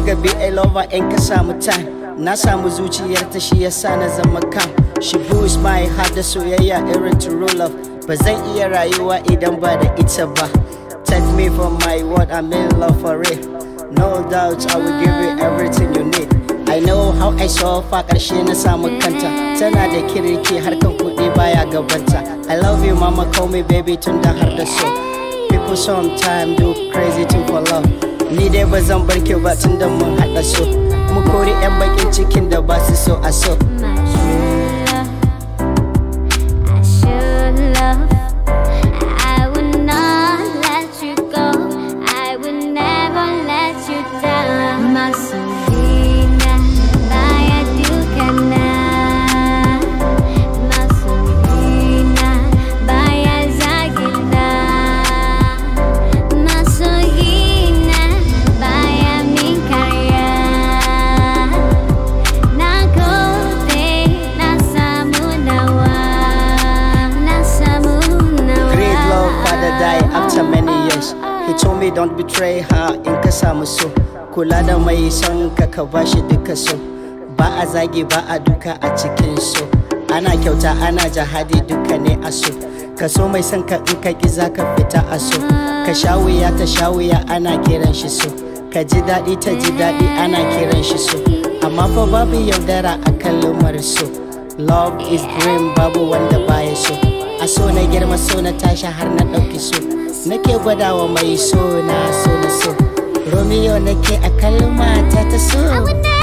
Kawai gabi I love her in ka samu time Na samu zuciyarta shi yasa na zama calm She boosts my heart da soyayya irin to roll up Ba zan iya rayuwa idan ba da ita ba Take me for my word, I'm in love for it No doubt I will give you everything you need I know how I saw fa ƙarshe na samu kanta Tana da kirki harkan kuɗi baya gabanta I love you mama call me baby tun da har da so People sometimes do crazy thing for love ni dai ba zan barke ba tun da mun haɗa so mu kori 'yan bakin cikin da ba su so a so don don't betray her in ka samu so kula da mai son ka ka bashi duka so ba a zagi ba a duka a cikin so ana kyauta ana jahadi duka ne a so ka so mai son ka in ka ki ka fita a so ka sha wuya ta sha ana kiran shi so ka ji daɗi ta ji daɗi ana kiran shi so amma fa babu yaudara a kan lumar so love is dream babu wanda baya so a so na girma so na tashi har na ɗauki so nake gwadawa mai so na so na so romeo nake a kalma ta ta so